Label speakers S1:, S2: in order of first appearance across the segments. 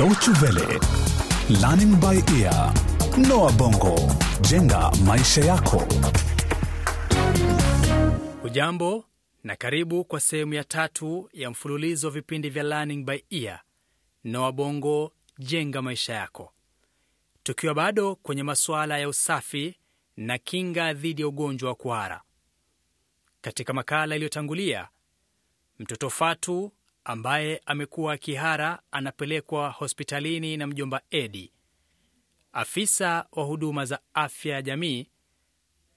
S1: Deutsche Welle, Learning by Ear, Noah Bongo, jenga maisha yako.
S2: Ujambo na karibu kwa sehemu ya tatu ya mfululizo wa vipindi vya Learning by Ear, Noah Bongo, jenga maisha yako, tukiwa bado kwenye masuala ya usafi na kinga dhidi ya ugonjwa wa kuhara. Katika makala iliyotangulia, mtoto Fatu ambaye amekuwa kihara anapelekwa hospitalini na mjomba Edi, afisa wa huduma za afya ya jamii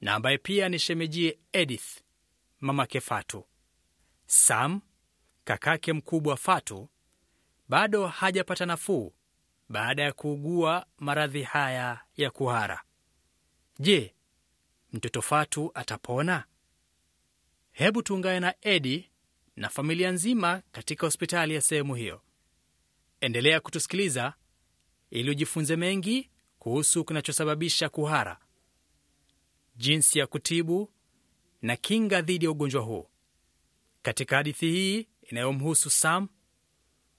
S2: na ambaye pia ni shemejie Edith mamake Fatu. Sam kakake mkubwa Fatu bado hajapata nafuu baada ya kuugua maradhi haya ya kuhara. Je, mtoto Fatu atapona? Hebu tuungane na Edi na familia nzima katika hospitali ya sehemu hiyo. Endelea kutusikiliza ili ujifunze mengi kuhusu kinachosababisha kuhara, jinsi ya kutibu na kinga dhidi ya ugonjwa huu. Katika hadithi hii inayomhusu Sam,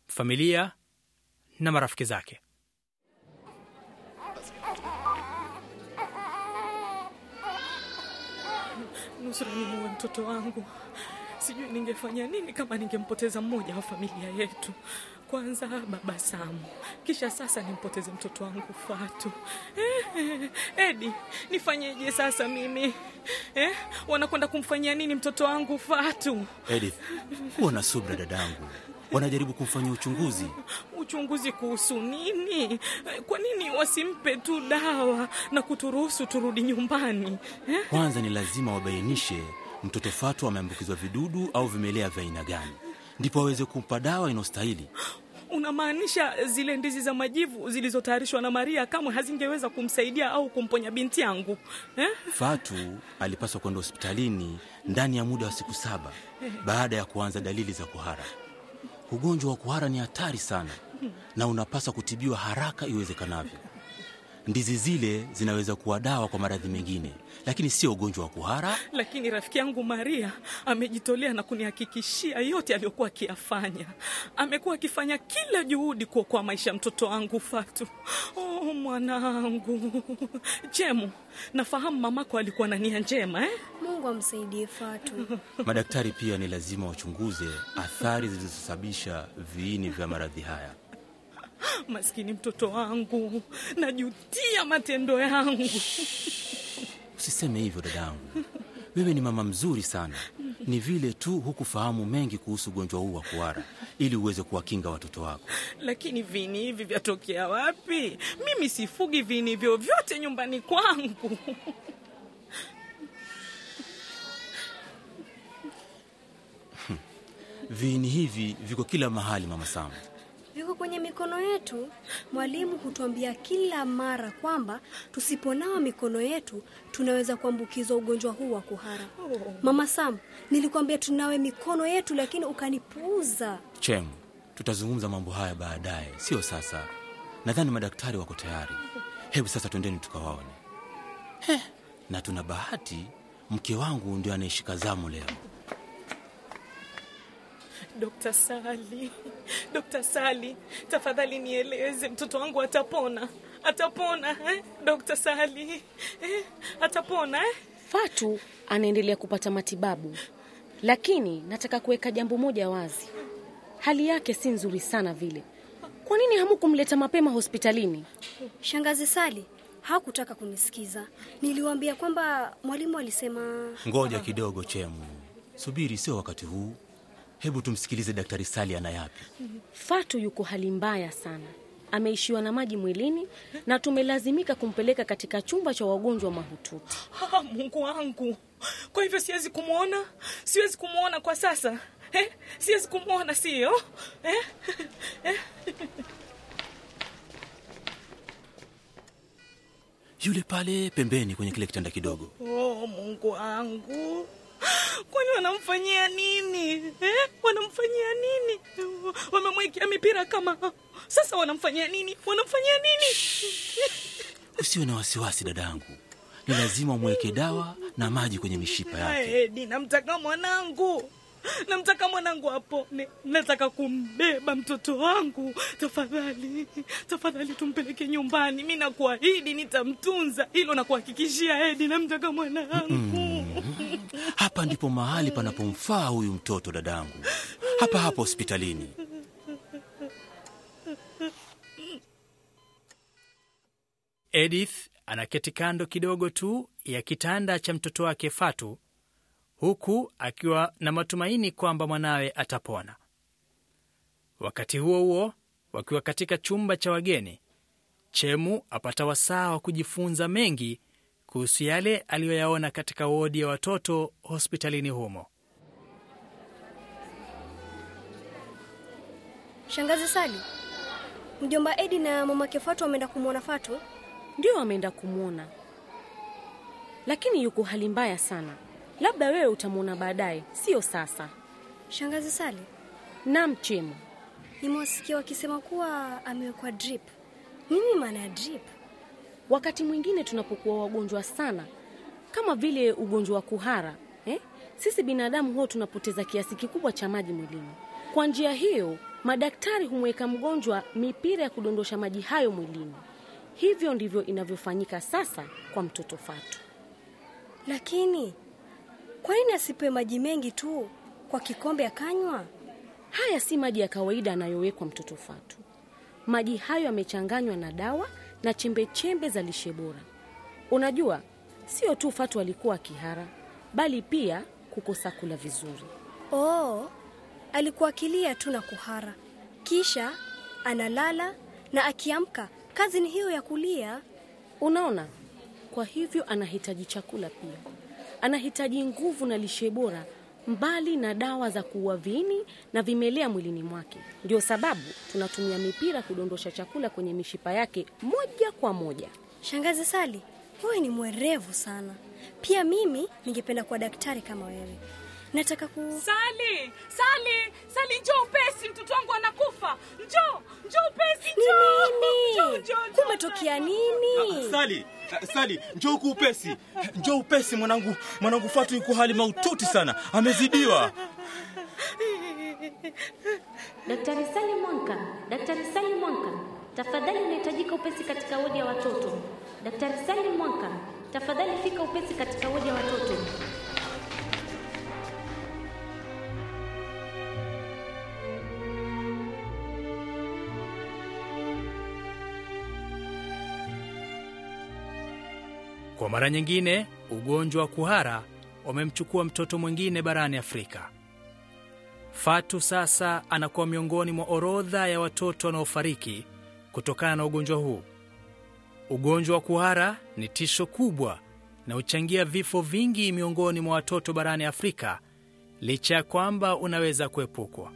S2: familia na marafiki zake.
S3: Nusra, mtoto wangu Sijui ningefanya nini kama ningempoteza mmoja wa familia yetu. Kwanza baba Samu, kisha sasa nimpoteze mtoto wangu Fatu. Eh, eh, Edi, nifanyeje sasa mimi eh? Wanakwenda kumfanyia nini mtoto wangu Fatu?
S1: huwa na subra dadangu, wanajaribu kumfanyia uchunguzi.
S3: Uchunguzi kuhusu nini? Eh, kwa nini wasimpe tu dawa na kuturuhusu turudi nyumbani eh?
S1: Kwanza ni lazima wabainishe mtoto Fatu ameambukizwa vidudu au vimelea vya aina gani, ndipo aweze kumpa dawa inayostahili.
S3: Unamaanisha zile ndizi za majivu zilizotayarishwa na Maria kamwe hazingeweza kumsaidia au kumponya binti yangu eh?
S1: Fatu alipaswa kwenda hospitalini ndani ya muda wa siku saba baada ya kuanza dalili za kuhara. Ugonjwa wa kuhara ni hatari sana na unapaswa kutibiwa haraka iwezekanavyo ndizi zile zinaweza kuwa dawa kwa maradhi mengine, lakini sio ugonjwa wa kuhara.
S3: Lakini rafiki yangu Maria amejitolea na kunihakikishia yote aliyokuwa akiyafanya. Amekuwa akifanya kila juhudi kuokoa maisha ya mtoto wangu Fatu. Oh, mwanangu Jemu, nafahamu mamako alikuwa na nia njema eh?
S4: Mungu amsaidie Fatu.
S3: Madaktari
S1: pia ni lazima wachunguze athari zilizosababisha viini vya maradhi haya.
S3: Maskini mtoto wangu, najutia matendo yangu.
S1: Usiseme hivyo dadangu, wewe ni mama mzuri sana. Ni vile tu hukufahamu mengi kuhusu ugonjwa huu wa kuhara ili uweze kuwakinga watoto wako.
S3: Lakini vini hivi vyatokea wapi? Mimi sifugi vini vyovyote nyumbani kwangu.
S1: Viini hivi viko kila mahali, mama samu
S4: iko kwenye mikono yetu. Mwalimu hutuambia kila mara kwamba tusiponawa mikono yetu tunaweza kuambukizwa ugonjwa huu wa kuhara. Oh. Mama Sam, nilikwambia tunawe mikono yetu, lakini ukanipuuza.
S1: chem tutazungumza mambo haya baadaye, sio sasa. Nadhani madaktari wako tayari. Hebu sasa twendeni tukawaone. na tuna bahati, mke wangu ndio anayeshika zamu leo.
S3: Dokta Sali, Dokta Sali, tafadhali nieleze, mtoto wangu atapona, atapona eh? Dokta Sali eh? atapona eh?
S5: Fatu anaendelea kupata matibabu, lakini nataka kuweka jambo moja wazi, hali yake si
S4: nzuri sana
S5: vile. Kwa nini hamukumleta mapema hospitalini?
S4: Shangazi Sali hakutaka kunisikiza. Niliwaambia kwamba mwalimu alisema.
S1: Ngoja kidogo, Chemu, subiri, sio wakati huu Hebu tumsikilize Daktari Sali ana yapi.
S5: Fatu yuko hali mbaya sana, ameishiwa na maji mwilini na tumelazimika kumpeleka katika chumba cha wagonjwa mahututi.
S3: Ha, ah, Mungu wangu! Kwa hivyo siwezi kumwona, siwezi kumwona kwa sasa eh? Siwezi kumwona, siyo eh? Eh?
S1: yule pale pembeni kwenye kile kitanda kidogo.
S3: Oh, Mungu wangu! Kwani wanamfanyia nini eh? Wanamfanyia nini? Wamemwekea mipira kama sasa, wanamfanyia nini? Wanamfanyia nini?
S1: Usiwe na wasiwasi dadangu, ni lazima umweke dawa na maji kwenye mishipa yake.
S3: Eh, Edi, namtaka mwanangu, namtaka mwanangu apone. Nataka kumbeba mtoto wangu. Tafadhali, tafadhali tumpeleke nyumbani. Mi nakuahidi nitamtunza, hilo nakuhakikishia. Edi, namtaka mwanangu mm hmm
S1: hapa ndipo mahali panapomfaa huyu mtoto dadangu, hapa hapa hospitalini.
S2: Edith anaketi kando kidogo tu ya kitanda cha mtoto wake Fatu, huku akiwa na matumaini kwamba mwanawe atapona. Wakati huo huo, wakiwa katika chumba cha wageni, Chemu apata wasaa wa kujifunza mengi kuhusu yale aliyoyaona katika wodi ya watoto hospitalini humo.
S4: Shangazi Sali, mjomba Edi na mamake Fatu wameenda kumwona Fatu? Ndio, wameenda kumwona, lakini yuko hali mbaya sana. Labda wewe
S5: utamwona baadaye, sio sasa. Shangazi Sali, nam Chemu.
S4: nimewasikia wakisema kuwa amewekwa drip. Nini maana ya drip?
S5: Wakati mwingine tunapokuwa wagonjwa sana kama vile ugonjwa wa kuhara eh? Sisi binadamu huwa tunapoteza kiasi kikubwa cha maji mwilini. Kwa njia hiyo, madaktari humweka mgonjwa mipira ya kudondosha maji hayo mwilini. Hivyo ndivyo inavyofanyika sasa kwa mtoto Fatu.
S4: Lakini kwa nini asipewe maji mengi tu kwa kikombe akanywa? Haya si maji ya kawaida
S5: anayowekwa mtoto Fatu. Maji hayo yamechanganywa na dawa na chembechembe za lishe bora. Unajua, sio tu Fatu alikuwa kihara, bali pia kukosa kula vizuri.
S4: Oh, alikuwa kilia tu na kuhara, kisha analala na akiamka kazi ni hiyo ya kulia. Unaona, kwa hivyo anahitaji chakula pia, anahitaji nguvu na
S5: lishe bora mbali na dawa za kuua viini na vimelea mwilini mwake. Ndio
S4: sababu tunatumia mipira kudondosha chakula kwenye mishipa yake moja kwa moja. Shangazi Sali, wewe ni mwerevu sana. Pia mimi ningependa kuwa daktari kama wewe. Nataka ku
S3: Sali, Sali, Sali, njoo upesi, mtoto wangu anakufa.
S4: Njoo, njoo upesi, njoo. Ni nini? Kumetokea nini?
S1: Sali, Eh, Sali, njoo huku upesi, njoo upesi mwanangu. Mwanangu Fatu yuko hali maututi sana, amezidiwa.
S5: Daktari Sali Mwanka, Daktari Sali Mwanka,
S4: tafadhali unahitajika
S5: upesi katika wodi ya watoto. Daktari Sali Mwanka,
S2: tafadhali fika upesi katika wodi ya watoto. Kwa mara nyingine, ugonjwa wa kuhara wamemchukua mtoto mwingine barani Afrika. Fatu sasa anakuwa miongoni mwa orodha ya watoto wanaofariki kutokana na ugonjwa huu. Ugonjwa wa kuhara ni tisho kubwa na huchangia vifo vingi miongoni mwa watoto barani Afrika licha ya kwamba unaweza kuepukwa.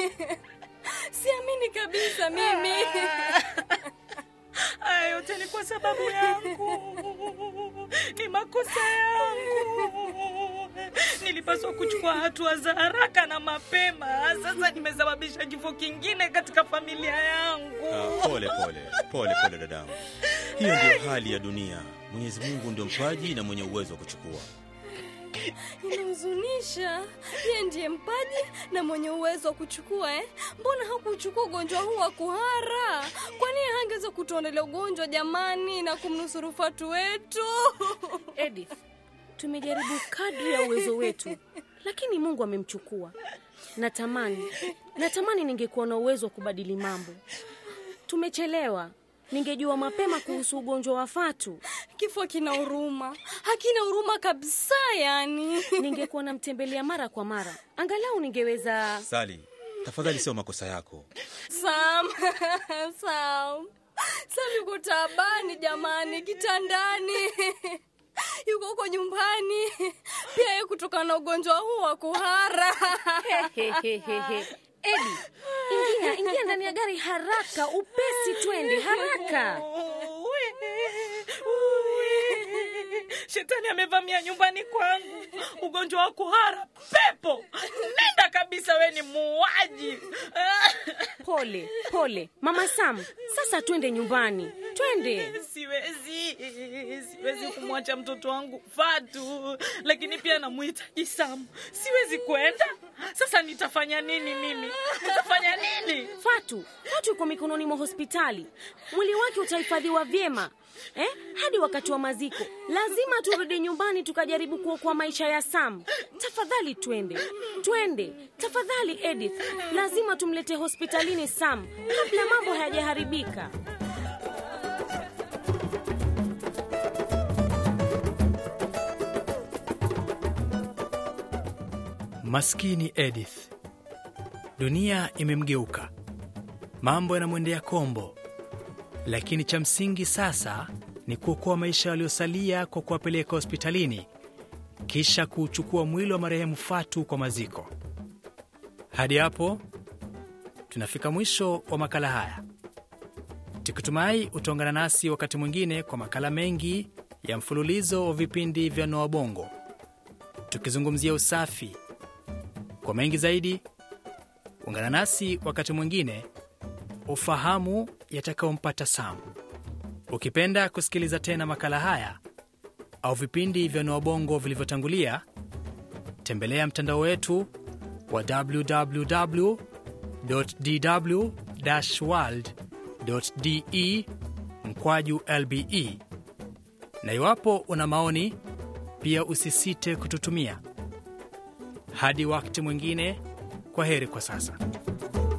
S4: Siamini kabisa mimi. Haya yote ni kwa sababu
S3: yangu, ni makosa yangu. Nilipaswa kuchukua hatua za haraka na mapema. Sasa nimesababisha kifo kingine katika familia yangu.
S1: Ah, pole pole pole pole dadamu hiyo ndio hali ya dunia. Mwenyezi Mungu ndio mpaji na mwenye uwezo wa kuchukua
S4: Unahuzunisha. Yeye ndiye mpaji na mwenye uwezo wa kuchukua eh? Mbona hakuchukua ugonjwa huu wa kuhara? kwani nini hangeweza ugonjwa jamani, na kumnusuru Fatu wetu? Edith, tumejaribu kadri ya uwezo
S5: wetu, lakini Mungu amemchukua. Natamani, natamani ningekuwa na uwezo wa kubadili mambo. Tumechelewa ningejua mapema kuhusu ugonjwa wa Fatu. kifo kina huruma, hakina huruma kabisa. Yani ningekuwa namtembelea mara kwa mara, angalau ningeweza.
S1: Sali, tafadhali, sio makosa yako
S4: Sam. Sam, Sali uko tabani jamani, kitandani yuko huko nyumbani pia ye kutokana na ugonjwa huu wa kuhara. Edi,
S5: Ingia, ingia ndani ya gari haraka, upesi, twende haraka.
S3: Shetani amevamia nyumbani kwangu, ugonjwa wa kuhara, pepo. Nenda kabisa, we ni muuaji.
S5: Pole pole, mama Sam, sasa twende nyumbani, twende.
S3: Siwezi, siwezi kumwacha mtoto wangu Fatu, lakini pia namhitaji Sam. Siwezi kwenda sasa nitafanya nini mimi? Nitafanya nini?
S5: Fatu, Fatu yuko mikononi mwa hospitali. Mwili wake utahifadhiwa vyema eh, hadi wakati wa maziko. Lazima turudi nyumbani tukajaribu kuokoa maisha ya Sam. Tafadhali twende, twende tafadhali Edith, lazima tumlete hospitalini Sam kabla mambo hayajaharibika.
S2: Maskini Edith, dunia imemgeuka, mambo yanamwendea kombo, lakini cha msingi sasa ni kuokoa maisha yaliyosalia kwa kuwapeleka hospitalini, kisha kuuchukua mwili wa marehemu Fatu kwa maziko. Hadi hapo tunafika mwisho wa makala haya, tukitumai utaungana nasi wakati mwingine kwa makala mengi ya mfululizo wa vipindi vya Noa Bongo tukizungumzia usafi kwa mengi zaidi, ungana nasi wakati mwingine ufahamu yatakayompata Sam. Ukipenda kusikiliza tena makala haya au vipindi vya Noabongo vilivyotangulia, tembelea mtandao wetu wa www dw world de mkwaju lbe, na iwapo una maoni pia usisite kututumia hadi wakati mwingine, kwa heri kwa sasa.